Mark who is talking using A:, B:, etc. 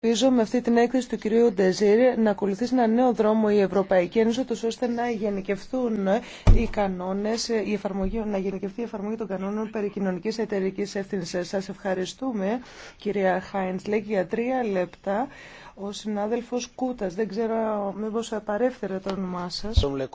A: Ελπίζω με αυτή την έκθεση του κυρίου Ντεζίρ να ακολουθήσει ένα νέο δρόμο η Ευρωπαϊκή Ένωση, ώστε να γενικευθούν οι κανόνε, να γενικευθεί η εφαρμογή των κανόνων περί κοινωνική εταιρική ευθύνη. Σα ευχαριστούμε, κυρία Χάιντσλεκ, για τρία λεπτά. Ο συνάδελφο Κούτα, δεν ξέρω μήπω παρέφερε το όνομά σα.